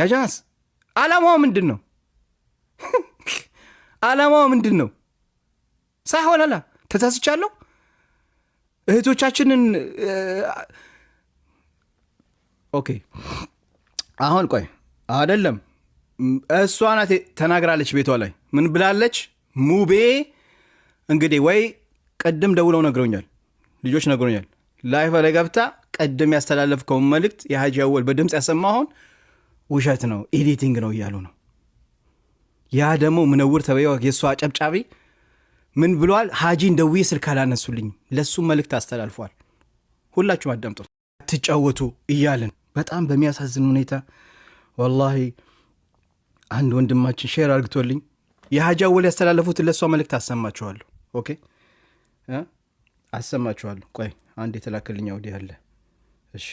ያጃስ አላማው ምንድን ነው? አላማው ምንድን ነው? ሳይሆን ተሳስቻለሁ። እህቶቻችንን ኦኬ፣ አሁን ቆይ፣ አይደለም እሷ ናት ተናግራለች። ቤቷ ላይ ምን ብላለች? ሙቤ እንግዲህ ወይ ቅድም ደውለው ነግረኛል፣ ልጆች ነግሮኛል። ላይፈ ላይ ገብታ ቅድም ያስተላለፍከውን መልእክት የሀጂ አወል በድምፅ ያሰማሁን ውሸት ነው፣ ኤዲቲንግ ነው እያሉ ነው። ያ ደግሞ ምነውር ተበየ የእሱ አጨብጫቢ ምን ብሏል? ሀጂን ደውዬ ስልክ አላነሱልኝ። ለእሱም መልእክት አስተላልፏል። ሁላችሁም አዳምጡ አትጫወቱ እያልን በጣም በሚያሳዝን ሁኔታ ወላሂ አንድ ወንድማችን ሼር አርግቶልኝ የሀጂ አወል ያስተላለፉት ለእሷ መልእክት አሰማችኋለሁ። ኦኬ አሰማችኋለሁ። ቆይ አንድ የተላከልኛ ወዲህ አለ። እሺ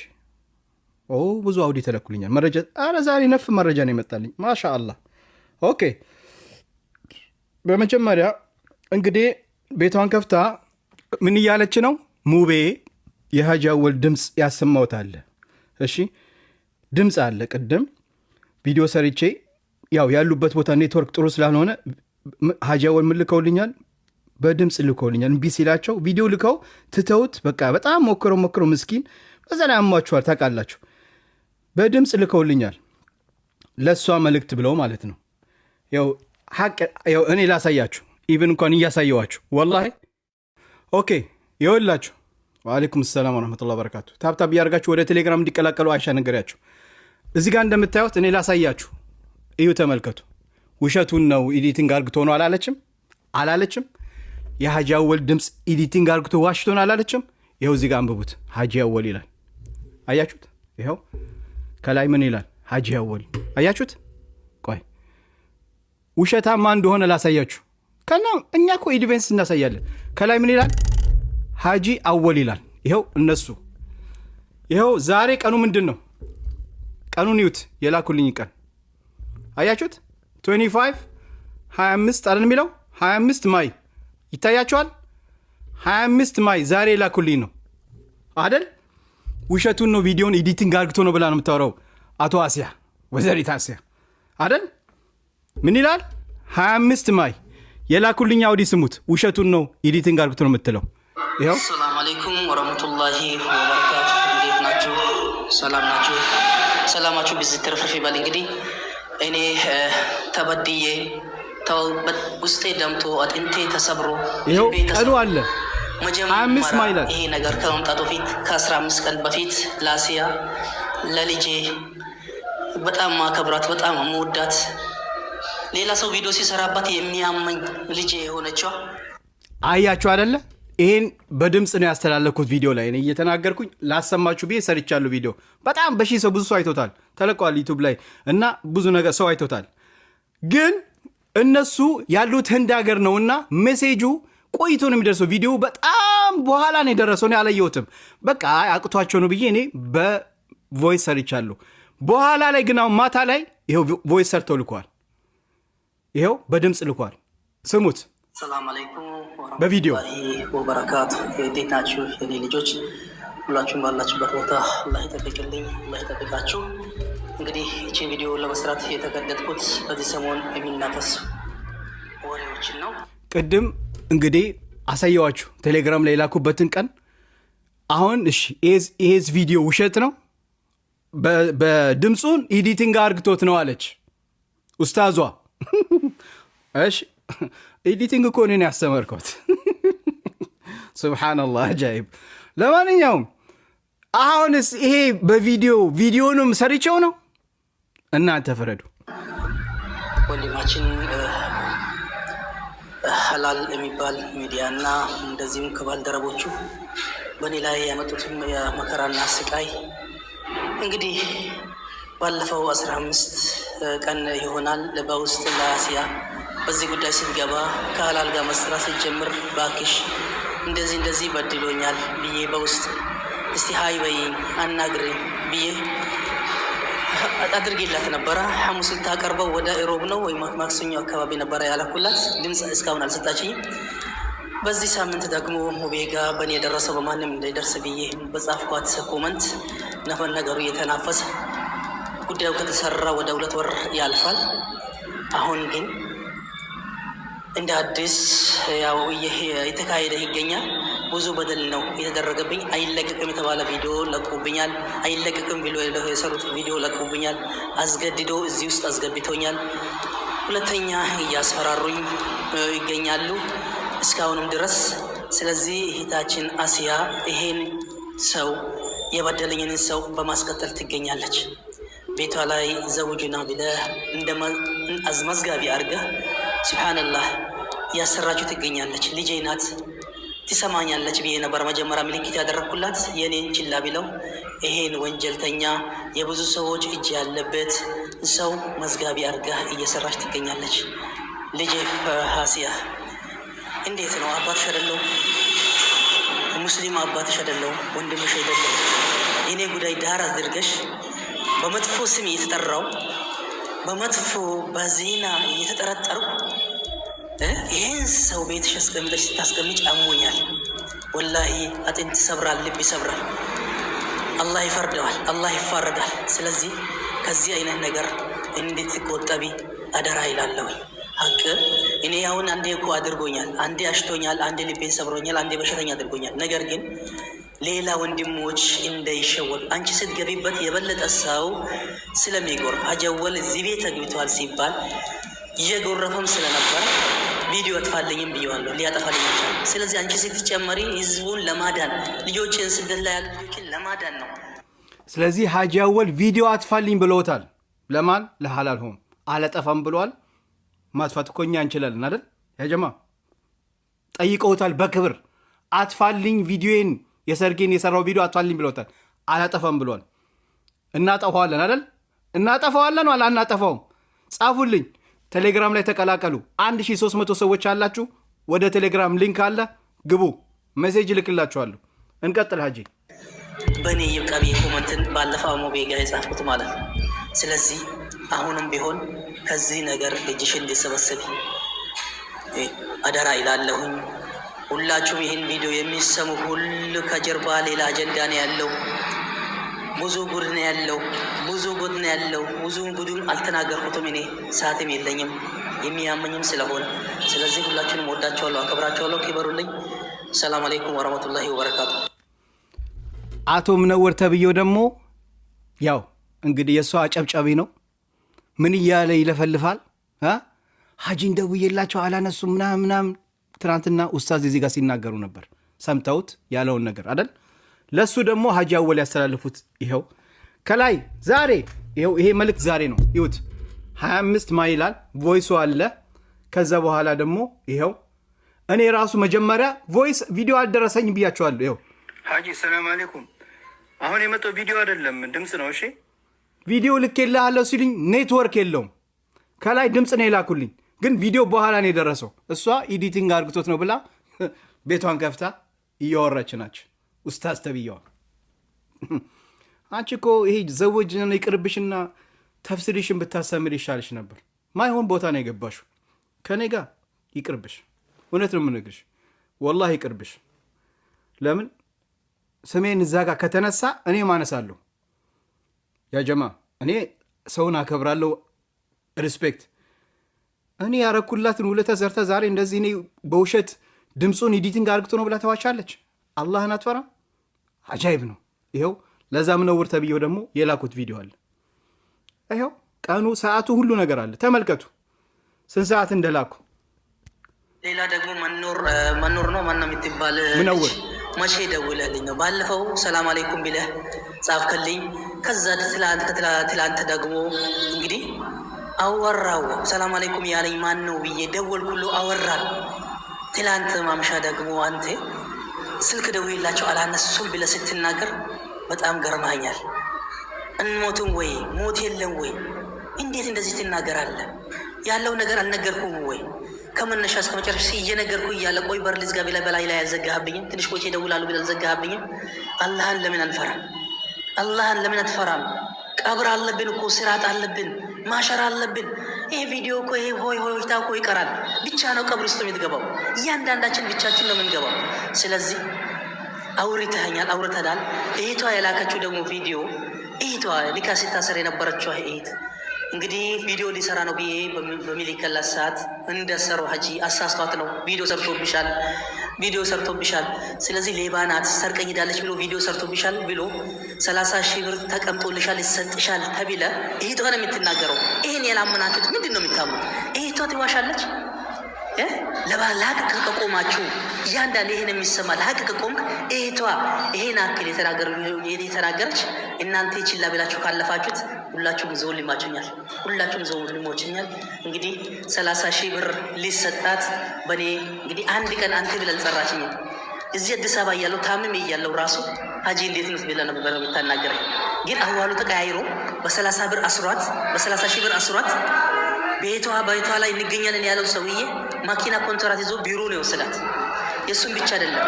ብዙ አውዲ ተለኩልኛል። መረጃ አረ ዛሬ ነፍ መረጃ ነው ይመጣልኝ ማሻ አላህ። ኦኬ በመጀመሪያ እንግዲህ ቤቷን ከፍታ ምን እያለች ነው? ሙቤ የሀጂ ድምፅ ያሰማውታለ እሺ ድምፅ አለ። ቅድም ቪዲዮ ሰርቼ ያው ያሉበት ቦታ ኔትወርክ ጥሩ ስላልሆነ ሀጂ ምን ልከውልኛል? በድምፅ ልከውልኛል። እምቢ ሲላቸው ቪዲዮ ልከው ትተውት በቃ በጣም ሞክረው ሞክረው ምስኪን በዛ ላይ አሟችኋል ታውቃላችሁ። በድምፅ ልከውልኛል። ለእሷ መልእክት ብለው ማለት ነው። እኔ ላሳያችሁ፣ ኢቭን እንኳን እያሳየዋችሁ ወላ ኦኬ የወላችሁ ወአለይኩም ሰላም ረመቱላ በረካቱ። ታብታብ እያደርጋችሁ ወደ ቴሌግራም እንዲቀላቀሉ አይሻ ነገሪያችሁ። እዚህ ጋር እንደምታዩት እኔ ላሳያችሁ፣ እዩ፣ ተመልከቱ። ውሸቱን ነው። ኢዲቲንግ አርግቶ ነው አላለችም፣ አላለችም። የሀጂ አወል ድምፅ ኢዲቲንግ አርግቶ ዋሽቶን አላለችም። ይኸው እዚህ ጋር አንብቡት። ሀጂ አወል ይላል። አያችሁት? ይኸው ከላይ ምን ይላል? ሀጂ አወል አያችሁት? ቆይ ውሸታማ እንደሆነ ላሳያችሁ። ከና እኛ ኮ ኢድቬንስ እናሳያለን። ከላይ ምን ይላል? ሀጂ አወል ይላል። ይኸው እነሱ ይኸው ዛሬ ቀኑ ምንድን ነው? ቀኑን ይዩት። የላኩልኝ ቀን አያችሁት? 25 25 አለን የሚለው 25 ማይ ይታያችኋል። 25 ማይ ዛሬ የላኩልኝ ነው አደል ውሸቱን ነው። ቪዲዮን ኤዲቲንግ አድርግቶ ነው ብላ ነው የምታወራው። አቶ አስያ ወይዘሪት አስያ አይደል? ምን ይላል 25 ማይ የላኩልኝ አውዲ ስሙት። ውሸቱን ነው ኤዲቲንግ አድርግቶ ነው የምትለው። ይኸው ሰላም አለይኩም ወረህመቱላሂ ወበረካቱ። እንዴት ናችሁ? ሰላም ናችሁ? ሰላማችሁ ብዝ ትርፍርፍ እንግዲህ እኔ ተበድዬ ውስጤ ደምቶ አጥንቴ ተሰብሮ ይኸው ቀኑ አለ መጀመሪያ ይሄ ነገር ከመምጣቱ ፊት ከአስራ አምስት ቀን በፊት ለአሲያ ለልጄ በጣም ማከብራት በጣም መወዳት ሌላ ሰው ቪዲዮ ሲሰራባት የሚያመኝ ልጄ የሆነችዋ አያችሁ አደለ? ይህን በድምፅ ነው ያስተላለኩት። ቪዲዮ ላይ እኔ እየተናገርኩኝ ላሰማችሁ ብዬ ሰርቻለሁ። ቪዲዮ በጣም በሺ ሰው ብዙ ሰው አይቶታል፣ ተለቋል ዩቱብ ላይ እና ብዙ ነገር ሰው አይቶታል። ግን እነሱ ያሉት ህንድ ሀገር ነው እና ሜሴጁ ቆይቶ ነው የሚደርሰው። ቪዲዮ በጣም በኋላ ነው የደረሰው። እኔ አላየሁትም። በቃ አቅቷቸው ነው ብዬ እኔ በቮይስ ሰርቻለሁ። በኋላ ላይ ግን አሁን ማታ ላይ ይኸው ቮይስ ሰርተው ልኳል። ይኸው በድምፅ ልኳል። ስሙት በቪዲዮ ወበረካቱ። እንዴት ናችሁ የኔ ልጆች? ሁላችሁም ባላችሁበት ቦታ አላህ ይጠብቅልኝ፣ አላህ ይጠብቃችሁ። እንግዲህ ይችን ቪዲዮ ለመስራት የተገደድኩት በዚህ ሰሞን የሚናፈስ ወሬዎችን ነው። ቅድም እንግዲህ አሳየዋችሁ ቴሌግራም ላይ የላኩበትን ቀን። አሁን እሺ ይሄዝ ቪዲዮ ውሸት ነው፣ በድምፁን ኢዲቲንግ አርግቶት ነው አለች ኡስታዟ። እሺ ኢዲቲንግ እኮ እኔን ያስተመርከት ስብሓንላህ አጃይብ። ለማንኛውም አሁንስ ይሄ በቪዲዮ ቪዲዮንም ሰሪቸው ነው እናንተ ፍረዱ ወንድማችን ሀላል የሚባል ሚዲያ እና እንደዚሁም ከባልደረቦቹ በእኔ ላይ ያመጡትም የመከራና ስቃይ እንግዲህ ባለፈው አስራ አምስት ቀን ይሆናል በውስጥ ለአሲያ በዚህ ጉዳይ ስትገባ ከሀላል ጋር መስራት ስትጀምር ባክሽ እንደዚህ እንደዚህ በድሎኛል ብዬ በውስጥ እስቲ ሀይ በይኝ አናግሬ ብዬ አድርጌላት ነበረ። ሐሙስ ልታቀርበው ወደ ሮብ ነው ወይ ማክሰኞ አካባቢ ነበረ ያላኩላት። ድምፅ እስካሁን አልሰጣችኝም። በዚህ ሳምንት ደግሞ ሙቤ ጋ በእኔ የደረሰው በማንም እንዳይደርስ ብዬ በጻፍኳት ኮመንት ነፈን ነገሩ እየተናፈሰ ጉዳዩ ከተሰራ ወደ ሁለት ወር ያልፋል። አሁን ግን እንደ አዲስ ያው የተካሄደ ይገኛል። ብዙ በደል ነው የተደረገብኝ። አይለቅቅም የተባለ ቪዲዮ ለቁብኛል። አይለቅቅም ብሎ የሰሩት ቪዲዮ ለቁብኛል። አስገድዶ እዚህ ውስጥ አስገብቶኛል። ሁለተኛ እያስፈራሩኝ ይገኛሉ እስካሁንም ድረስ። ስለዚህ እህታችን አሲያ ይሄን ሰው የበደለኝን ሰው በማስቀጠል ትገኛለች። ቤቷ ላይ ዘውጁና ብለህ አዝመዝጋቢ አድርገህ ሱብሓነላህ እያሰራችሁ ትገኛለች። ልጄ ናት። ትሰማኛለች ብዬ ነበር መጀመሪያ ምልክት ያደረግኩላት። የእኔን ችላ ቢለው ይሄን ወንጀልተኛ የብዙ ሰዎች እጅ ያለበት ሰው መዝጋቢ አድርጋ እየሰራች ትገኛለች። ልጄ ሀሲያ እንዴት ነው? አባትሽ አይደለሁም፣ ሙስሊም አባትሽ አይደለሁም፣ ወንድምሽ አይደለሁም። የእኔ ጉዳይ ዳር አድርገሽ በመጥፎ ስም እየተጠራው በመጥፎ በዜና እየተጠረጠሩ ይህን ሰው ቤትሽ አስቀምጠሽ ስታስቀምጭ አሞኛል፣ ወላሂ አጥንት ይሰብራል፣ ልብ ይሰብራል። አላህ ይፈርደዋል፣ አላህ ይፋረዳል። ስለዚህ ከዚህ አይነት ነገር እንድትቆጠቢ አደራ ይላለሁ። ሀቅ እኔ አሁን አንዴ እኮ አድርጎኛል፣ አንዴ አሽቶኛል፣ አንዴ ልቤን ሰብሮኛል፣ አንዴ በሽተኛ አድርጎኛል። ነገር ግን ሌላ ወንድሞች እንዳይሸወል አንቺ ስትገቢበት የበለጠ ሰው ስለሚጎር አጀወል እዚህ ቤት ተግብተዋል ሲባል እየጎረፈም ስለነበር ቪዲዮ አጥፋልኝም ብየዋለሁ። ሊያጠፋልኝ ይችላል። ስለዚህ አንቺ ስትጨመሪ ህዝቡን ለማዳን ልጆችን ስደት ላይ ያቅችን ለማዳን ነው። ስለዚህ ሀጂ አወል ቪዲዮ አጥፋልኝ ብለውታል። ለማን ለሀላል ሆም አለጠፋም ብለዋል። ማጥፋት እኮ እኛ እንችላለን አይደል? ያጀማ ጠይቀውታል በክብር አጥፋልኝ ቪዲዮን የሰርጌን የሰራው ቪዲዮ አጥፋልኝ ብለውታል። አላጠፋም ብለዋል። እናጠፋዋለን አይደል? እናጠፋዋለን አላ አናጠፋውም ጻፉልኝ ቴሌግራም ላይ ተቀላቀሉ። 1300 ሰዎች አላችሁ። ወደ ቴሌግራም ሊንክ አለ፣ ግቡ። ሜሴጅ ልክላችኋለሁ። እንቀጥል። ሀጂ በእኔ ይብቃ ብዬ ኮመንትን ባለፈው ሞቤ ጋር የጻፍኩት ማለት ነው። ስለዚህ አሁንም ቢሆን ከዚህ ነገር እጅሽ እንዲሰበሰብ አደራ ይላለሁኝ። ሁላችሁም ይህን ቪዲዮ የሚሰሙ ሁሉ ከጀርባ ሌላ አጀንዳ ነው ያለው ብዙ ጉድ ነው ያለው፣ ብዙ ጉድ ነው ያለው። ብዙ ጉዱን አልተናገርኩትም እኔ ሰዓትም የለኝም የሚያመኝም ስለሆነ ስለዚህ ሁላችሁንም ወዳቸዋለሁ፣ አከብራቸዋለሁ። ክበሩልኝ። ሰላም አለይኩም ወረመቱላሂ ወበረካቱ። አቶ ምነወር ተብዬው ደግሞ ያው እንግዲህ የእሷ አጨብጨቢ ነው። ምን እያለ ይለፈልፋል? ሀጂን ደውዬላቸው አላነሱም ምናምን ምናምን። ትናንትና ኡስታዝ እዚህ ጋር ሲናገሩ ነበር ሰምተውት ያለውን ነገር አደል ለእሱ ደግሞ ሀጂ አወል ያስተላለፉት ይኸው ከላይ ዛሬ ይኸው ይሄ መልእክት ዛሬ ነው። ይሁት 25 ማ ይላል ቮይሱ አለ። ከዛ በኋላ ደግሞ ይኸው እኔ ራሱ መጀመሪያ ቮይስ ቪዲዮ አልደረሰኝ ብያቸዋለሁ። ይኸው ሀጂ ሰላም አሌኩም አሁን የመጣው ቪዲዮ አይደለም ድምፅ ነው። እሺ ቪዲዮ ልክ የላለው ሲልኝ ኔትወርክ የለውም። ከላይ ድምፅ ነው የላኩልኝ፣ ግን ቪዲዮ በኋላ ነው የደረሰው። እሷ ኢዲቲንግ አርግቶት ነው ብላ ቤቷን ከፍታ እያወራች ናቸው። ኡስታዝ ተብየዋ አንቺ እኮ ይሄ ዘውጅ ይቅርብሽና ተፍሲርሽን ብታሰምር ይሻልሽ ነበር። ማይሆን ቦታ ነው የገባሽው። ከኔ ጋር ይቅርብሽ። እውነት ነው የምነግርሽ፣ ወላሂ ይቅርብሽ። ለምን ስሜን እዛ ጋር ከተነሳ እኔ ማነሳለሁ። ያጀማ እኔ ሰውን አከብራለሁ፣ ሪስፔክት። እኔ ያረኩላትን ውለታ ዘርታ ዛሬ እንደዚህ እኔ በውሸት ድምፁን ኢዲቲንግ አርግቶ ነው ብላ ተዋቻለች። አላህን አትፈራ? አጃይብ ነው። ይኸው ለዛም ነውር ተብዬው ደግሞ የላኩት ቪዲዮ አለ። ይኸው ቀኑ፣ ሰዓቱ፣ ሁሉ ነገር አለ። ተመልከቱ ስንት ሰዓት እንደላኩ። ሌላ ደግሞ መኖር ነው ማና የምትባል ምነውር መቼ ደውለልኝ ነው ባለፈው ሰላም አለይኩም ቢለህ ጻፍክልኝ። ከዛ ትላንት ደግሞ እንግዲህ አወራው ሰላም አለይኩም ያለኝ ማን ነው ብዬ ደወልኩሉ አወራል። ትላንት ማምሻ ደግሞ አንቴ ስልክ ደውዬላቸው አላነሱም ብለህ ስትናገር በጣም ገርማኛል። እንሞትም ወይ ሞት የለም ወይ እንዴት እንደዚህ ትናገራለህ? ያለው ነገር አልነገርኩም ወይ? ከመነሻ እስከ መጨረሻ እየነገርኩ እያለ ቆይ በርሊዝ ልዝጋ ብለህ በላይ ላይ አልዘጋህብኝም? ትንሽ ቆይቼ እደውላለሁ ብለህ አልዘጋህብኝም? አላህን ለምን አንፈራም? አላህን ለምን አትፈራም? ቀብር አለብን እኮ ስርዓት አለብን። ማሸር አለብን። ይሄ ቪዲዮ እኮ ይሄ ሆይ ሆይ ሆይታ እኮ ይቀራል። ብቻ ነው ቀብር ውስጥ የምትገባው። እያንዳንዳችን ብቻችን ነው የምንገባው። ስለዚህ አውርተኸኛል፣ አውርተናል። እህቷ የላከችው ደግሞ ቪዲዮ እህቷ ኒካ ሲታሰር የነበረችው እህት እንግዲህ ቪዲዮ ሊሰራ ነው ብዬ በሚል ይከላት ሰዓት እንደሰሩ ሀጂ አሳስቷት ነው ቪዲዮ ሰርቶብሻል ቪዲዮ ሰርቶብሻል፣ ስለዚህ ሌባ ናት፣ ሰርቀኝ ሄዳለች ብሎ ቪዲዮ ሰርቶብሻል ብሎ ሰላሳ ሺህ ብር ተቀምጦልሻል ይሰጥሻል ተብለ እህቷ ነው የምትናገረው። ይህን ያላመናችሁት ምንድን ነው የሚታሙት? እህቷ ትዋሻለች። ለሀቅ ከቆማችሁ እያንዳንድ ይህን የሚሰማ ለሀቅ ከቆምክ እህቷ ይሄን አክል የተናገረች እናንተ ችላ ብላችሁ ካለፋችሁት ሁላችሁም ዘው ልማችኛል፣ ሁላችሁም ዘው ልሞችኛል። እንግዲህ ሰላሳ ሺህ ብር ሊሰጣት በእኔ እንግዲህ አንድ ቀን አንተ ብለ አልጸራችኝም። እዚህ አዲስ አበባ እያለው ታምሜ እያለው ራሱ ሀጂ እንዴት ነው ብለህ ነው የምታናገረኝ። ግን አዋሉ ተቀያይሮ በሰላሳ ብር አስሯት፣ በሰላሳ ሺህ ብር አስሯት ቤቷ በቤቷ ላይ እንገኛለን ያለው ሰውዬ ማኪና ኮንትራት ይዞ ቢሮ ነው የወሰዳት። የእሱም ብቻ አይደለም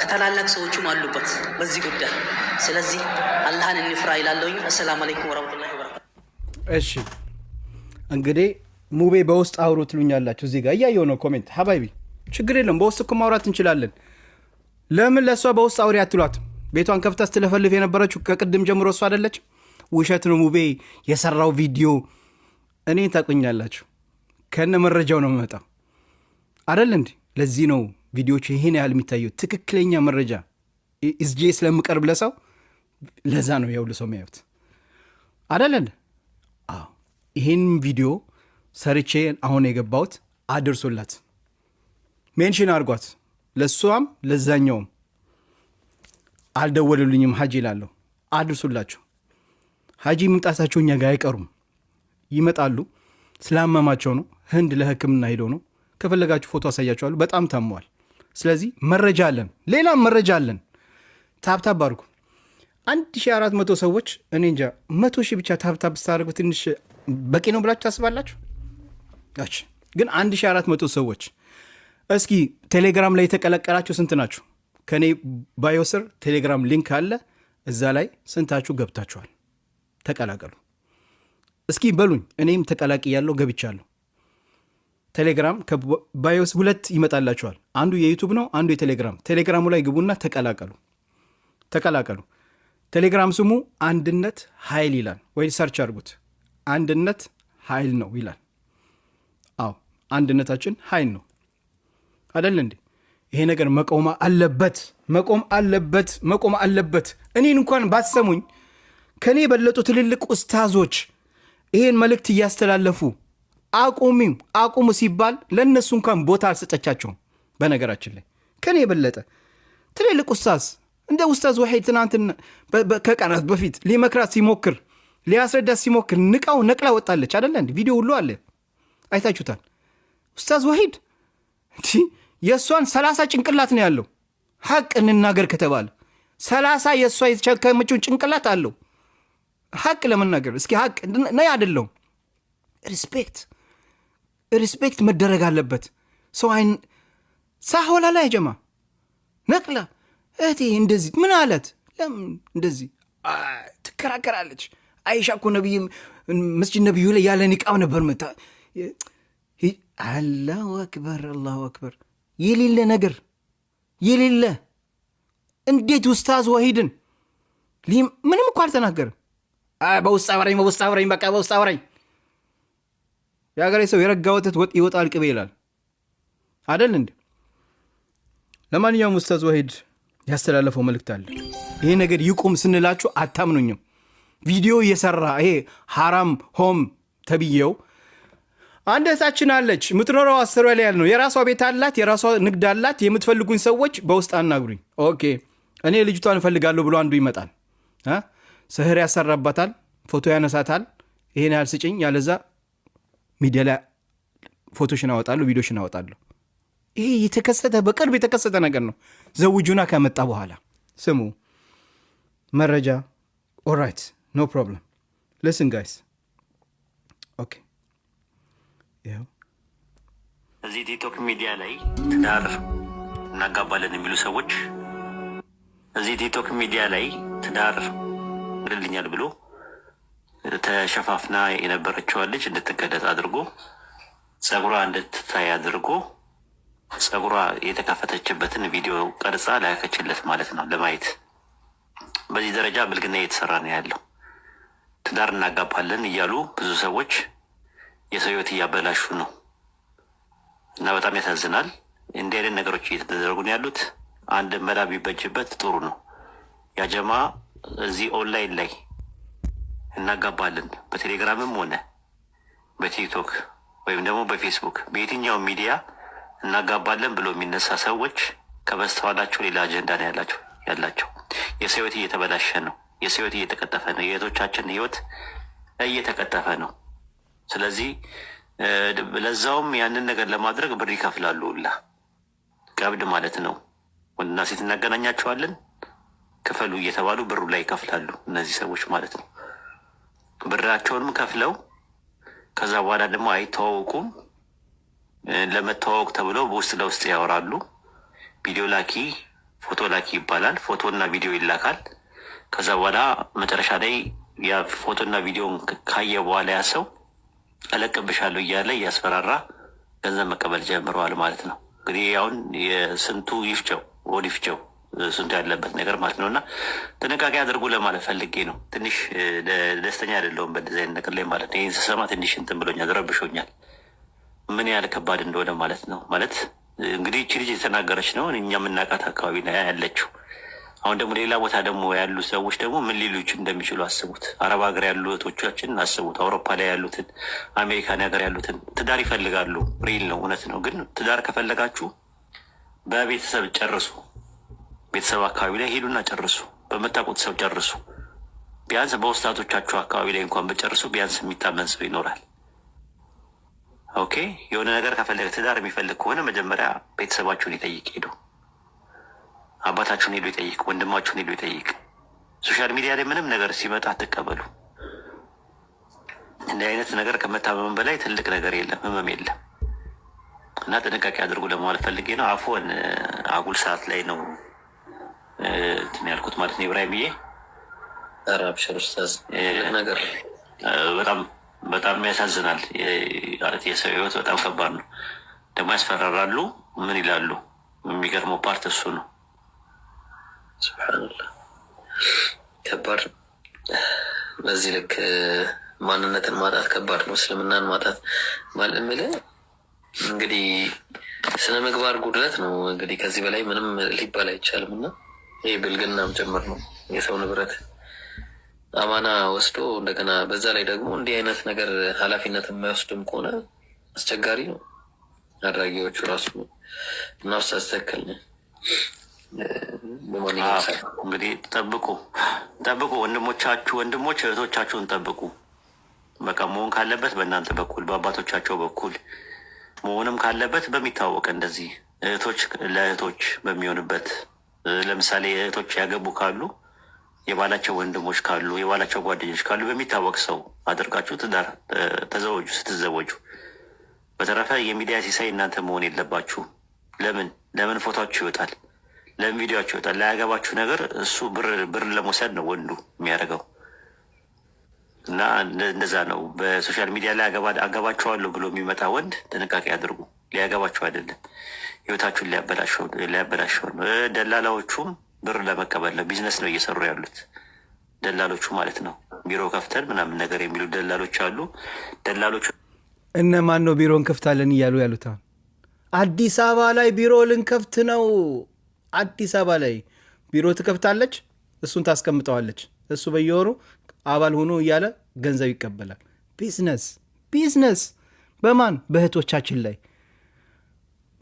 ከታላላቅ ሰዎቹም አሉበት በዚህ ጉዳይ። ስለዚህ አላህን እንፍራ ይላለውኝ። አሰላሙ አለይኩም ወረመቱላ ወበረካቱ። እሺ እንግዲህ ሙቤ በውስጥ አውሮ ትሉኛላችሁ። እዚህ ጋር እያየው ነው ኮሜንት። ሀባይቢ ችግር የለም በውስጥ እኮ ማውራት እንችላለን። ለምን ለእሷ በውስጥ አውሪ አትሏት ቤቷን ከፍታ ስትለፈልፍ የነበረችው ከቅድም ጀምሮ እሷ አይደለችም? ውሸት ነው ሙቤ የሰራው ቪዲዮ እኔ ታቁኛላችሁ፣ ከነ መረጃው ነው የምመጣው አደል እንዲ። ለዚህ ነው ቪዲዮቹ ይህን ያህል የሚታየው ትክክለኛ መረጃ እዝጄ ስለምቀርብ ለሰው ለዛ ነው የውል ሰው የሚያዩት አደል እንደ አዎ። ይህን ቪዲዮ ሰርቼ አሁን የገባሁት አድርሶላት ሜንሽን አድርጓት ለእሷም ለዛኛውም አልደወሉልኝም ሀጂ ይላለሁ። አድርሱላቸው ሀጂ መምጣታቸው እኛ ጋር አይቀሩም። ይመጣሉ። ስላመማቸው ነው። ህንድ ለህክምና ሄደው ነው። ከፈለጋችሁ ፎቶ አሳያቸዋሉ። በጣም ታመዋል። ስለዚህ መረጃ አለን፣ ሌላም መረጃ አለን። ታብታብ አድርጉ። 1400 ሰዎች እኔ እንጃ፣ መቶ ሺህ ብቻ ታብታብ ስታደርጉ ትንሽ በቂ ነው ብላችሁ ታስባላችሁ? ግን 1400 ሰዎች እስኪ ቴሌግራም ላይ የተቀላቀላችሁ ስንት ናችሁ? ከእኔ ባዮ ስር ቴሌግራም ሊንክ አለ። እዛ ላይ ስንታችሁ ገብታችኋል? ተቀላቀሉ። እስኪ በሉኝ እኔም ተቀላቂ ያለው ገብቻለሁ። ቴሌግራም ከባዮስ ሁለት ይመጣላችኋል። አንዱ የዩቱብ ነው፣ አንዱ የቴሌግራም። ቴሌግራሙ ላይ ግቡና ተቀላቀሉ ተቀላቀሉ። ቴሌግራም ስሙ አንድነት ኃይል ይላል ወይ ሰርች አድርጉት። አንድነት ኃይል ነው ይላል። አዎ አንድነታችን ኃይል ነው አደል እንዴ? ይሄ ነገር መቆም አለበት፣ መቆም አለበት፣ መቆም አለበት። እኔን እንኳን ባሰሙኝ ከእኔ የበለጡ ትልልቅ ኡስታዞች ይሄን መልእክት እያስተላለፉ አቁሚ አቁሙ ሲባል ለእነሱ እንኳን ቦታ አልሰጠቻቸውም። በነገራችን ላይ ከኔ የበለጠ ትልልቅ ኡስታዝ እንደ ኡስታዝ ወሒድ ትናንትና ከቀናት በፊት ሊመክራት ሲሞክር ሊያስረዳት ሲሞክር ንቃው ነቅላ ወጣለች አደለ? ቪዲዮ ሁሉ አለ አይታችሁታል። ኡስታዝ ወሒድ የእሷን ሰላሳ ጭንቅላት ነው ያለው። ሀቅ እንናገር ከተባለ ሰላሳ የእሷ የተሸከመችውን ጭንቅላት አለው። ሀቅ ለመናገር እስኪ ሀቅ ነ አይደለውም። ሪስፔክት ሪስፔክት መደረግ አለበት። ሰው አይን ሳሆላ ላይ ጀማ ነቅላ እህቴ እንደዚህ ምን አለት ለምን እንደዚህ ትከራከራለች? አይሻ እኮ ነቢይ መስጅድ ነቢዩ ላይ ያለ ኒቃብ ነበር መታ። አላሁ አክበር አላሁ አክበር። የሌለ ነገር የሌለ እንዴት ውስታዝ ወሂድን ምንም እኳ አልተናገርም። በውስጥ አብረኝ፣ በውስጥ አብረኝ፣ በቃ በውስጥ አብረኝ። የሀገሬ ሰው የረጋ ወተት ወጥ ይወጣል ቅቤ ይላል አደል እንዴ? ለማንኛውም ኡስታዝ ወሂድ ያስተላለፈው መልእክት አለ። ይሄ ነገር ይቁም ስንላችሁ አታምኑኝም። ቪዲዮ እየሰራ ይሄ ሀራም ሆም ተብዬው አንድ እህታችን አለች የምትኖረው አውስትራሊያ ነው። የራሷ ቤት አላት፣ የራሷ ንግድ አላት። የምትፈልጉኝ ሰዎች በውስጥ አናግሩኝ። ኦኬ እኔ ልጅቷን እፈልጋለሁ ብሎ አንዱ ይመጣል። ስህር ያሰራባታል፣ ፎቶ ያነሳታል። ይሄን ያህል ስጭኝ፣ ያለዛ ሚዲያ ላይ ፎቶሽን አወጣለሁ፣ ቪዲዮሽን አወጣለሁ። ይሄ የተከሰተ በቅርብ የተከሰተ ነገር ነው። ዘውጁና ከመጣ በኋላ ስሙ መረጃ ኦራይት ኖ ፕሮብለም ልስን ጋይስ ኦኬ። እዚህ ቲክቶክ ሚዲያ ላይ ትዳር እናጋባለን የሚሉ ሰዎች እዚህ ቲክቶክ ሚዲያ ላይ ትዳር ይጨምርልኛል ብሎ ተሸፋፍና የነበረችዋን ልጅ እንድትገለጽ አድርጎ ጸጉሯ እንድትታይ አድርጎ ጸጉሯ የተከፈተችበትን ቪዲዮ ቀርጻ ላያከችለት ማለት ነው ለማየት። በዚህ ደረጃ ብልግና እየተሰራ ነው ያለው። ትዳር እናጋባለን እያሉ ብዙ ሰዎች የሰው እያበላሹ ነው እና በጣም ያሳዝናል። እንዲህ አይነት ነገሮች እየተደረጉ ነው ያሉት። አንድ መላ ቢበጅበት ጥሩ ነው ያጀማ እዚህ ኦንላይን ላይ እናጋባለን። በቴሌግራምም ሆነ በቲክቶክ ወይም ደግሞ በፌስቡክ በየትኛውም ሚዲያ እናጋባለን ብሎ የሚነሳ ሰዎች ከበስተኋላቸው ሌላ አጀንዳ ነው ያላቸው ያላቸው የሰው ህይወት እየተበላሸ ነው። የሰው ህይወት እየተቀጠፈ ነው። የእህቶቻችን ህይወት እየተቀጠፈ ነው። ስለዚህ ለዛውም ያንን ነገር ለማድረግ ብር ይከፍላሉ ሁላ ቀብድ ማለት ነው። ወንድና ሴት እናገናኛቸዋለን ክፈሉ እየተባሉ ብሩ ላይ ይከፍላሉ። እነዚህ ሰዎች ማለት ነው። ብራቸውንም ከፍለው ከዛ በኋላ ደግሞ አይተዋወቁም። ለመተዋወቅ ተብለው በውስጥ ለውስጥ ያወራሉ። ቪዲዮ ላኪ፣ ፎቶ ላኪ ይባላል። ፎቶና ቪዲዮ ይላካል። ከዛ በኋላ መጨረሻ ላይ ያ ፎቶና ቪዲዮን ካየ በኋላ ያ ሰው እለቅብሻለሁ እያለ እያስፈራራ ገንዘብ መቀበል ጀምረዋል ማለት ነው። እንግዲህ አሁን የስንቱ ይፍጨው ወዲፍጨው ስንቱ ያለበት ነገር ማለት ነው እና ጥንቃቄ አድርጉ ለማለት ፈልጌ ነው። ትንሽ ደስተኛ አይደለሁም በእንደዚህ አይነት ነገር ላይ ማለት ነው። ይህን ስሰማ ትንሽ እንትን ብሎኛል፣ ረብሾኛል። ምን ያህል ከባድ እንደሆነ ማለት ነው። ማለት እንግዲህ እቺ ልጅ የተናገረች ነው እኛ የምናውቃት አካባቢ ያለችው አሁን ደግሞ ሌላ ቦታ ደግሞ ያሉ ሰዎች ደግሞ ምን ሌሎች እንደሚችሉ አስቡት። አረብ ሀገር ያሉ እህቶቻችን አስቡት። አውሮፓ ላይ ያሉትን፣ አሜሪካን ሀገር ያሉትን ትዳር ይፈልጋሉ። ሪል ነው፣ እውነት ነው። ግን ትዳር ከፈለጋችሁ በቤተሰብ ጨርሱ። ቤተሰብ አካባቢ ላይ ሄዱና ጨርሱ። በምታውቁት ሰው ጨርሱ። ቢያንስ በውስጣቶቻችሁ አካባቢ ላይ እንኳን በጨርሱ ቢያንስ የሚታመን ሰው ይኖራል። ኦኬ የሆነ ነገር ከፈለገ ትዳር የሚፈልግ ከሆነ መጀመሪያ ቤተሰባችሁን ይጠይቅ። ሄዱ አባታችሁን ሄዱ ይጠይቅ፣ ወንድማችሁን ሄዱ ይጠይቅ። ሶሻል ሚዲያ ላይ ምንም ነገር ሲመጣ አትቀበሉ። እንዲህ አይነት ነገር ከመታመም በላይ ትልቅ ነገር የለም፣ ህመም የለም። እና ጥንቃቄ አድርጉ ለማለት ፈልጌ ነው። አፎን አጉል ሰዓት ላይ ነው እንትን ያልኩት ማለት ነው። ኢብራሂም ብዬ ራብሽር ኡስታዝ ነገር በጣም በጣም ያሳዝናል። የሰው ህይወት በጣም ከባድ ነው። ደግሞ ያስፈራራሉ። ምን ይላሉ? የሚገርመው ፓርት እሱ ነው። ስብሓንላህ ከባድ በዚህ ልክ ማንነትን ማጣት ከባድ ነው። እስልምናን ማጣት ማለት የምልህ እንግዲህ ስነ ምግባር ጉድለት ነው። እንግዲህ ከዚህ በላይ ምንም ሊባል አይቻልም እና ይህ ብልግናም ጭምር ነው። የሰው ንብረት አማና ወስዶ እንደገና በዛ ላይ ደግሞ እንዲህ አይነት ነገር ኃላፊነት የማይወስድም ከሆነ አስቸጋሪ ነው። አድራጊዎቹ ራሱ እና ውስጥ አስተክል እንግዲህ ጠብቁ ጠብቁ፣ ወንድሞቻችሁ ወንድሞች እህቶቻችሁን ጠብቁ። በቃ መሆን ካለበት በእናንተ በኩል በአባቶቻቸው በኩል መሆንም ካለበት በሚታወቅ እንደዚህ እህቶች ለእህቶች በሚሆንበት ለምሳሌ እህቶች ያገቡ ካሉ የባላቸው ወንድሞች ካሉ የባላቸው ጓደኞች ካሉ በሚታወቅ ሰው አድርጋችሁ ትዳር ተዘወጁ ስትዘወጁ። በተረፈ የሚዲያ ሲሳይ እናንተ መሆን የለባችሁ። ለምን ለምን ፎቶችሁ ይወጣል? ለምን ቪዲዮችሁ ይወጣል? ላያገባችሁ ነገር እሱ ብር ብር ለመውሰድ ነው ወንዱ የሚያደርገው እና እንደዛ ነው። በሶሻል ሚዲያ ላይ አገባችኋለሁ ብሎ የሚመጣ ወንድ ጥንቃቄ አድርጉ። ሊያገባቸው አይደለም፣ ህይወታችሁን ሊያበላሸው ነው። ደላላዎቹም ብር ለመቀበል ነው፣ ቢዝነስ ነው እየሰሩ ያሉት ደላሎቹ ማለት ነው። ቢሮ ከፍተን ምናምን ነገር የሚሉ ደላሎች አሉ። ደላሎቹ እነ ማን ነው ቢሮ እንከፍታለን እያሉ ያሉት? አዲስ አበባ ላይ ቢሮ ልንከፍት ነው። አዲስ አበባ ላይ ቢሮ ትከፍታለች፣ እሱን ታስቀምጠዋለች። እሱ በየወሩ አባል ሆኖ እያለ ገንዘብ ይቀበላል። ቢዝነስ ቢዝነስ በማን በእህቶቻችን ላይ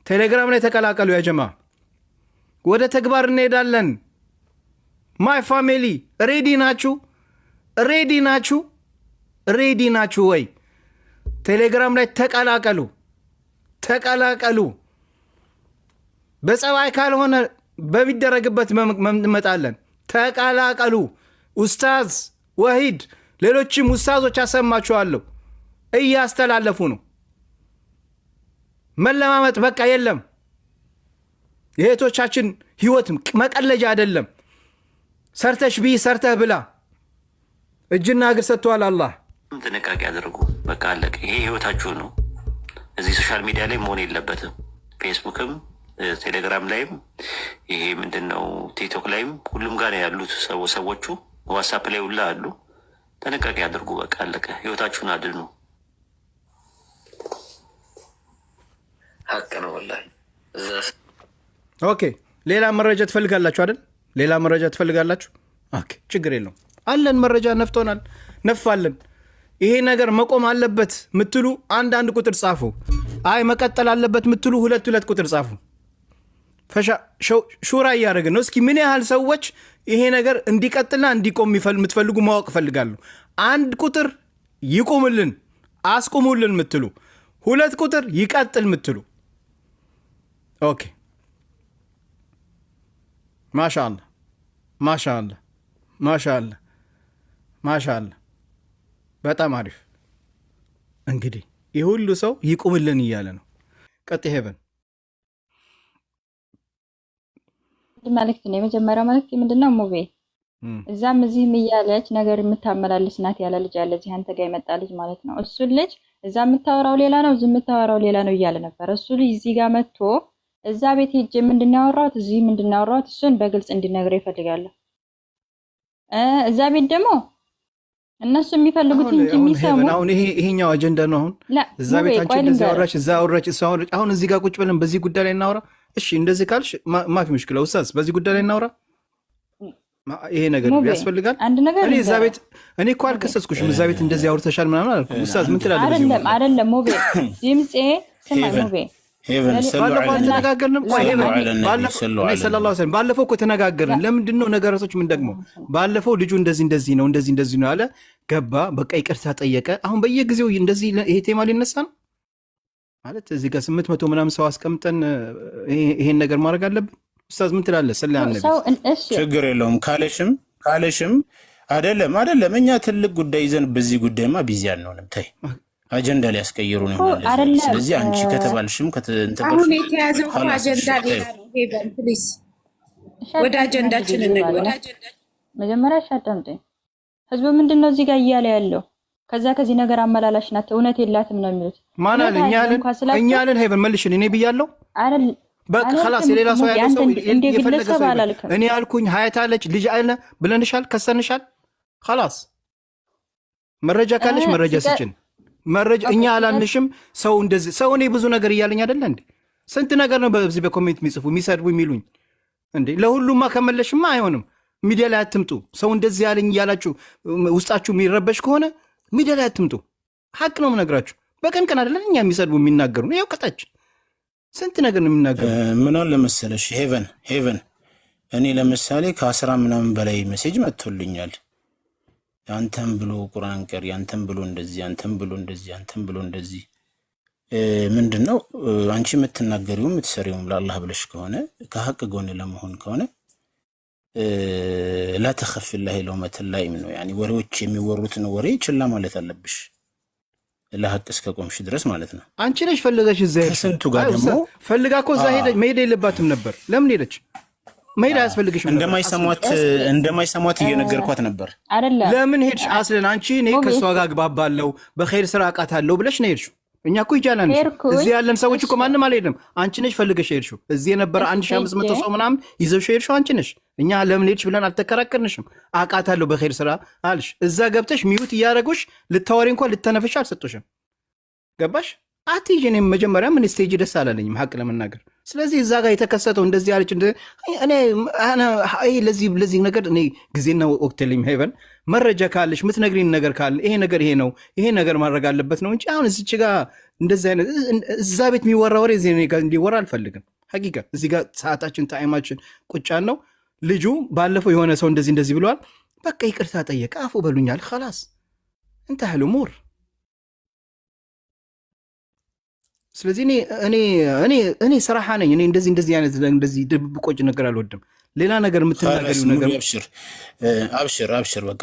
ቴሌግራም ላይ ተቀላቀሉ። ያጀማ ወደ ተግባር እንሄዳለን። ማይ ፋሚሊ ሬዲ ናችሁ? ሬዲ ናችሁ? ሬዲ ናችሁ ወይ? ቴሌግራም ላይ ተቀላቀሉ፣ ተቀላቀሉ። በጸባይ ካልሆነ በሚደረግበት እንመጣለን። ተቀላቀሉ። ኡስታዝ ወሂድ፣ ሌሎችም ኡስታዞች አሰማችኋለሁ፣ እያስተላለፉ ነው። መለማመጥ በቃ የለም። የእህቶቻችን ህይወት መቀለጃ አይደለም። ሰርተሽ ብይ ሰርተህ ብላ። እጅና እግር ሰጥተዋል አላህ። ጥንቃቄ አድርጉ። በቃ አለቅ። ይሄ ህይወታችሁ ነው። እዚህ ሶሻል ሚዲያ ላይ መሆን የለበትም። ፌስቡክም ቴሌግራም ላይም ይሄ ምንድን ነው ቲክቶክ ላይም ሁሉም ጋር ያሉት ሰዎቹ ዋትሳፕ ላይ ሁላ አሉ። ጥንቃቄ አድርጉ። በቃ አለቀ። ህይወታችሁን አድኑ። ሀቅ ነው ወላሂ። ኦኬ። ሌላ መረጃ ትፈልጋላችሁ አይደል? ሌላ መረጃ ትፈልጋላችሁ? ኦኬ፣ ችግር የለውም አለን መረጃ ነፍቶናል፣ ነፋለን። ይሄ ነገር መቆም አለበት ምትሉ አንድ አንድ ቁጥር ጻፉ። አይ መቀጠል አለበት ምትሉ ሁለት ሁለት ቁጥር ጻፉ። ሹራ እያደረግን ነው። እስኪ ምን ያህል ሰዎች ይሄ ነገር እንዲቀጥልና እንዲቆም የምትፈልጉ ማወቅ እፈልጋለሁ። አንድ ቁጥር ይቁምልን፣ አስቁሙልን ምትሉ፣ ሁለት ቁጥር ይቀጥል ምትሉ ኦኬ ማሻአላ ማሻአላ ማሻአላ ማሻአላ በጣም አሪፍ። እንግዲህ ይህ ሁሉ ሰው ይቁምልን እያለ ነው። ቀጥ ሄበን መልክት ነው። የመጀመሪያው መልክት ምንድነው? ሙቤ እዛም እዚህም እያለች ነገር የምታመላልስ ናት ያለ ልጅ ያለ እዚህ አንተ ጋር የመጣ ልጅ ማለት ነው። እሱን ልጅ እዛ የምታወራው ሌላ ነው፣ እዚህ የምታወራው ሌላ ነው እያለ ነበር። እሱ ልጅ እዚህ ጋር መጥቶ እዛ ቤት ሄጄ ምንድን ነው ያወራሁት፣ እዚህ ምንድን ነው ያወራሁት፣ እሱን በግልጽ እንዲነግረኝ እፈልጋለሁ። እዛ ቤት ደግሞ እነሱ የሚፈልጉት እንጂ የሚሰሙ አሁን ይሄ ይሄኛው አጀንዳ ነው። አሁን እዛ ቤት አንቺ እንደዚህ አወራች፣ እዛ አወራች፣ እሱ አወራች። አሁን እዚህ ጋር ቁጭ ብለን በዚህ ጉዳይ ላይ እናውራ። እሺ እንደዚህ ካልሽ ማፊ ምሽክለ ውሳስ በዚህ ጉዳይ ላይ እናውራ። ይሄ ነገር ያስፈልጋል። አንድ ነገር እኔ እዛ ቤት እኔ እኮ አልከሰስኩሽም። እዛ ቤት እንደዚህ አውርተሻል ምናምን አላልኩም። ውሳስ ምን ትላለሽ? አይደለም አይደለም፣ ሙቤ ድምፄ ስማ ሙቤ ባለፈው እኮ ተነጋገርን። ለምንድን ነው ነገራቶች ምን ደግሞ ባለፈው ልጁ እንደዚህ እንደዚህ ነው እንደዚህ እንደዚህ ነው ያለ ገባ፣ በቃ ይቅርታ ጠየቀ። አሁን በየጊዜው እንደዚህ ይሄ ቴማ ሊነሳ ነው ማለት እዚህ ጋር ስምንት መቶ ምናምን ሰው አስቀምጠን ይሄን ነገር ማድረግ አለብን። ኡስታዝ ምን ትላለህ? ስለ ችግር የለውም ካለሽም ካለሽም አደለም አደለም፣ እኛ ትልቅ ጉዳይ ይዘን በዚህ ጉዳይማ ቢዚ አንሆንም። ተይ አጀንዳ ሊያስቀይሩ ነው ይሆናል። ስለዚህ አንቺ ከተባልሽም አሁን የተያዘው አጀንዳ ሌላ ነው። ወደ አጀንዳችን እንግባ። መጀመሪያ አዳምጠኝ። ህዝቡ ምንድን ነው እዚህ ጋር እያለ ያለው? ከዛ ከዚህ ነገር አመላላሽ ናት፣ እውነት የላትም ነው የሚሉት። ማን አለ? ሄቨን መልሽን። እኔ ብያለሁ በቃ የሌላ ሰው ያለ ሰው እኔ ያልኩኝ ሀያት አለች ልጅ አለ ብለንሻል፣ ከሰንሻል። ላስ መረጃ ካለሽ መረጃ ስጭን። መረጃ እኛ አላንሽም። ሰው እንደዚህ ሰው እኔ ብዙ ነገር እያለኝ አይደለ እንዴ? ስንት ነገር ነው በዚህ በኮሜንት የሚጽፉ የሚሰድቡ የሚሉኝ እንዴ? ለሁሉማ ከመለሽማ አይሆንም። ሚዲያ ላይ አትምጡ። ሰው እንደዚህ ያለኝ እያላችሁ ውስጣችሁ የሚረበሽ ከሆነ ሚዲያ ላይ አትምጡ። ሀቅ ነው የምነግራችሁ። በቀን ቀን አይደለን እኛ የሚሰድቡ የሚናገሩ ያው ቅጣች ስንት ነገር ነው የሚናገሩ። ምናን ለመሰለሽ ሄቨን ሄቨን እኔ ለምሳሌ ከአስራ ምናምን በላይ ሜሴጅ መጥቶልኛል ያንተን ብሎ ቁርአን ቀሪ፣ ያንተን ብሎ እንደዚህ፣ ያንተን ብሎ እንደዚህ፣ ያንተን ብሎ እንደዚህ ምንድን ነው አንቺ የምትናገሪውም የምትሰሪውም ለአላህ ብለሽ ከሆነ ከሀቅ ጎን ለመሆን ከሆነ ላተኸፊ ላይ ላይም ነው ያኔ ወሬዎች የሚወሩትን ወሬ ችላ ማለት አለብሽ፣ ለሀቅ እስከ ቆምሽ ድረስ ማለት ነው። አንቺ ነሽ ፈለገሽ እዛ ከስንቱ ጋር ደግሞ ፈልጋ እኮ እዛ ሄደች። መሄድ የለባትም ነበር። ለምን ሄደች? መሄድ አያስፈልግሽም። እንደማይሰማት እየነገርኳት ነበር። ለምን ሄድሽ አስለን? አንቺ እኔ ከእሷ ጋር ግባባለው በኸይር ስራ አውቃታለሁ ብለሽ ነው ሄድሽው። እኛ እኮ ይጃላን እዚህ ያለን ሰዎች እኮ ማንም አልሄድም። አንቺ ነሽ ፈልገሽ ሄድሽው። እዚህ የነበረ አንድ ሺህ አምስት መቶ ሰው ምናምን ይዘሽ ሄድሽው አንቺ ነሽ። እኛ ለምን ሄድሽ ብለን አልተከራከርንሽም። አውቃታለሁ በኸይር ስራ አልሽ። እዛ ገብተሽ ሚዩት እያደረጉሽ ልታወሪ እንኳን ልተነፍሽ አልሰጡሽም። ገባሽ? አትይዤ እኔም መጀመሪያ ምን ስቴጅ ደስ አላለኝም ሀቅ ለመናገር ስለዚህ እዛ ጋር የተከሰተው እንደዚህ ያለች ለዚህ ነገር እኔ ጊዜና ወቅት የሚሄበን መረጃ ካለሽ ምትነግሪን ነገር ካለ ይሄ ነገር ይሄ ነው ይሄ ነገር ማድረግ አለበት ነው እንጂ አሁን እዚች ጋ እንደዚህ አይነት እዛ ቤት የሚወራ ወሬ እዚህ ጋር እንዲወራ አልፈልግም። ሀቂቃ እዚህ ጋር ሰዓታችን ታይማችን ቁጫን ነው። ልጁ ባለፈው የሆነ ሰው እንደዚህ እንደዚህ ብለዋል። በቃ ይቅርታ ጠየቀ። አፉ በሉኛል ላስ እንታህል ሙር ስለዚህ እኔ እኔ እኔ ስራሓ ነኝ። እኔ እንደዚህ እንደዚህ አይነት እንደዚህ ድብብቆጭ ነገር አልወድም። ሌላ ነገር የምትናገሪው ነገር አብሽር አብሽር፣ በቃ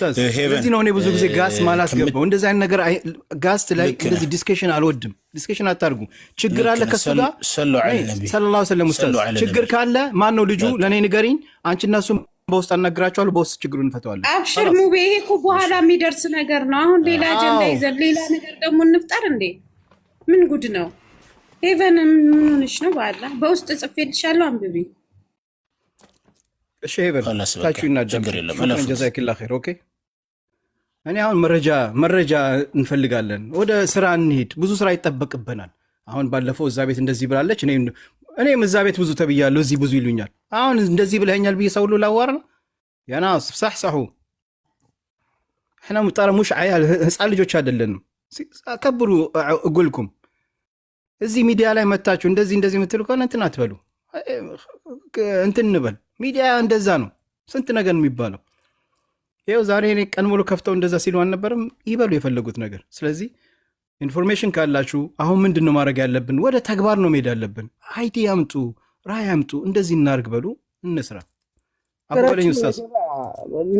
ስለዚህ ነው እኔ ብዙ ጊዜ ጋስ ማላስገባው። እንደዚህ አይነት ነገር ጋስ ላይ እንደዚህ ዲስኬሽን አልወድም። ዲስኬሽን አታርጉ። ችግር አለ ከሱ ጋር ሰለላሁ ሰለም ኡስታዝ፣ ችግር ካለ ማን ነው ልጁ? ለእኔ ንገሪኝ። አንቺ እነሱ በውስጥ አናግራቸዋለሁ። በውስጥ ችግሩን እንፈተዋለን። አብሽር ሙቤ፣ ይሄ እኮ በኋላ የሚደርስ ነገር ነው። አሁን ሌላ አጀንዳ ይዘን ሌላ ነገር ደግሞ እንፍጠር እንዴ? ምን ጉድ ነው? ሄቨን ምን ሆነች ነው? በአላ በውስጥ ጽፌልሻለሁ፣ አንብቢ እሺ። ሄቨን ታችሁ እናዳምጥ። ጀዛኪላ ኸይር። ኦኬ እኔ አሁን መረጃ መረጃ እንፈልጋለን። ወደ ስራ እንሄድ። ብዙ ስራ ይጠበቅብናል። አሁን ባለፈው እዛ ቤት እንደዚህ ብላለች። እኔም እዛ ቤት ብዙ ተብያለሁ፣ እዚህ ብዙ ይሉኛል። አሁን እንደዚህ ብለኛል ብዬ ሰው ሁሉ ላዋር ነው የና ሳሕሳሑ ሕና ሙጣረ ሙሽ ዓያል ህፃን ልጆች አይደለንም። አከብሩ። እጉልኩም እዚህ ሚዲያ ላይ መታችሁ እንደዚህ እንደዚህ የምትሉ ከሆነ እንትን አትበሉ፣ እንትን እንበል። ሚዲያ እንደዛ ነው፣ ስንት ነገር የሚባለው ይኸው። ዛሬ እኔ ቀን ሙሉ ከፍተው እንደዛ ሲሉ አልነበረም? ይበሉ የፈለጉት ነገር። ስለዚህ ኢንፎርሜሽን ካላችሁ አሁን ምንድን ነው ማድረግ ያለብን? ወደ ተግባር ነው መሄድ ያለብን። አይዲ ያምጡ፣ ራይ ያምጡ፣ እንደዚህ እናርግ በሉ፣ እንስራ። አበበለኝ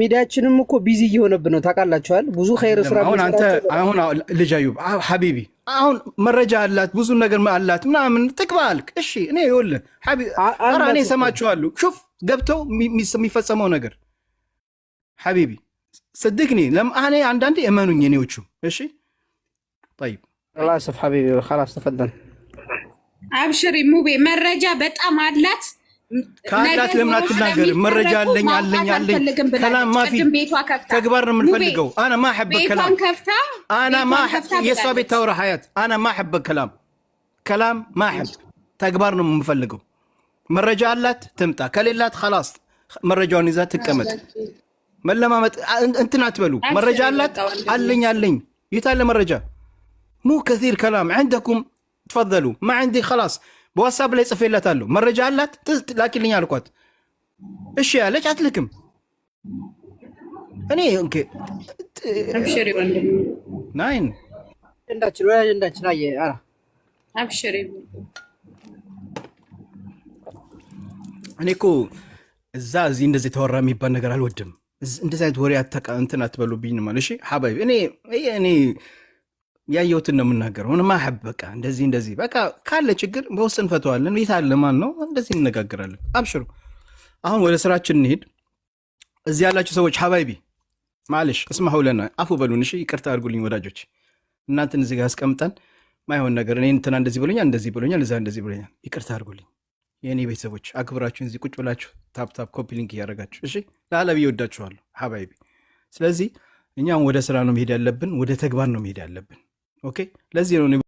ሚዲያችንም እኮ ቢዚ እየሆነብን ነው ታውቃላችኋል። ብዙ ኸይር ስራ አሁን አንተ አሁን ልጅ አዩብ ሀቢቢ አሁን መረጃ አላት ብዙ ነገር አላት ምናምን ጥቅባ አልክ። እሺ እኔ ይወል ይኸውልህ እኔ እሰማችኋለሁ። ሹፍ ገብተው የሚፈጸመው ነገር ሀቢቢ ስድቅኒ ለምአኔ አንዳንዴ እመኑኝ እኔዎቹ እሺ ጠይብ ላስፍ ሀቢቢ ላስ ተፈደን አብሽሪ ሙቤ መረጃ በጣም አላት ከአላት ለምን አትናገርም? መረጃ አለኝ አለኝ አለኝ ከላም ማፊ ተግባር ነው የምንፈልገው። አና ማ ሐበ ከላም አና ማ የእሷ ቤት ታወራ ሀያት አና ማ ሐበ ከላም ከላም ማ ሐብ ተግባር ነው የምንፈልገው። መረጃ አላት ትምጣ፣ ከሌላት ኸላስ መረጃውን ይዛ ትቀመጥ። መለማመጥ እንትን አትበሉ። መረጃ አላት አለኝ አለኝ የታለ መረጃ ሙ ከሲር ከላም ዐንደኩም ትፈዘሉ ማ ዐንዲ ኸላስ በዋትሳፕ ላይ ጽፌላታለሁ። መረጃ አላት ላኪልኝ አልኳት። እሺ ያለች አትልክም። እኔ ናይን እንዳችን ወደ እንዳችን አየ አብሽሪ። እኔ እኮ እዛ እዚህ እንደዚህ የተወራ የሚባል ነገር አልወድም። እንደዚህ አይነት ወሬ እንትን አትበሉብኝ። ማለት እሺ ሀባይብ እኔ እኔ ያየሁትን ነው የምናገረው። ምንም አህብ በቃ እንደዚህ እንደዚህ በቃ ካለ ችግር በውስጥ እንፈተዋለን። ቤት አለ ማን ነው እንደዚህ እንነጋግራለን። አብሽሩ። አሁን ወደ ስራችን እንሄድ። እዚህ ያላችሁ ሰዎች ሀባይቢ ማለሽ እስማሁ ለና አፉ በሉን። እሺ ይቅርታ አድርጉልኝ ወዳጆች፣ እናንተን እዚህ ጋር አስቀምጠን ማይሆን ነገር እኔ እንትና እንደዚህ ብሎኛል፣ እንደዚህ ብሎኛል፣ እዛ እንደዚህ ብሎኛል። ይቅርታ አድርጉልኝ የእኔ ቤተሰቦች፣ አክብራችሁን እዚህ ቁጭ ብላችሁ ታፕታፕ ኮፒ ሊንክ እያደረጋችሁ እሺ። ለአለብ ይወዳችኋለሁ ሀባይቢ። ስለዚህ እኛም ወደ ስራ ነው መሄድ ያለብን፣ ወደ ተግባር ነው መሄድ ያለብን። ኦኬ። ለዚህ ነው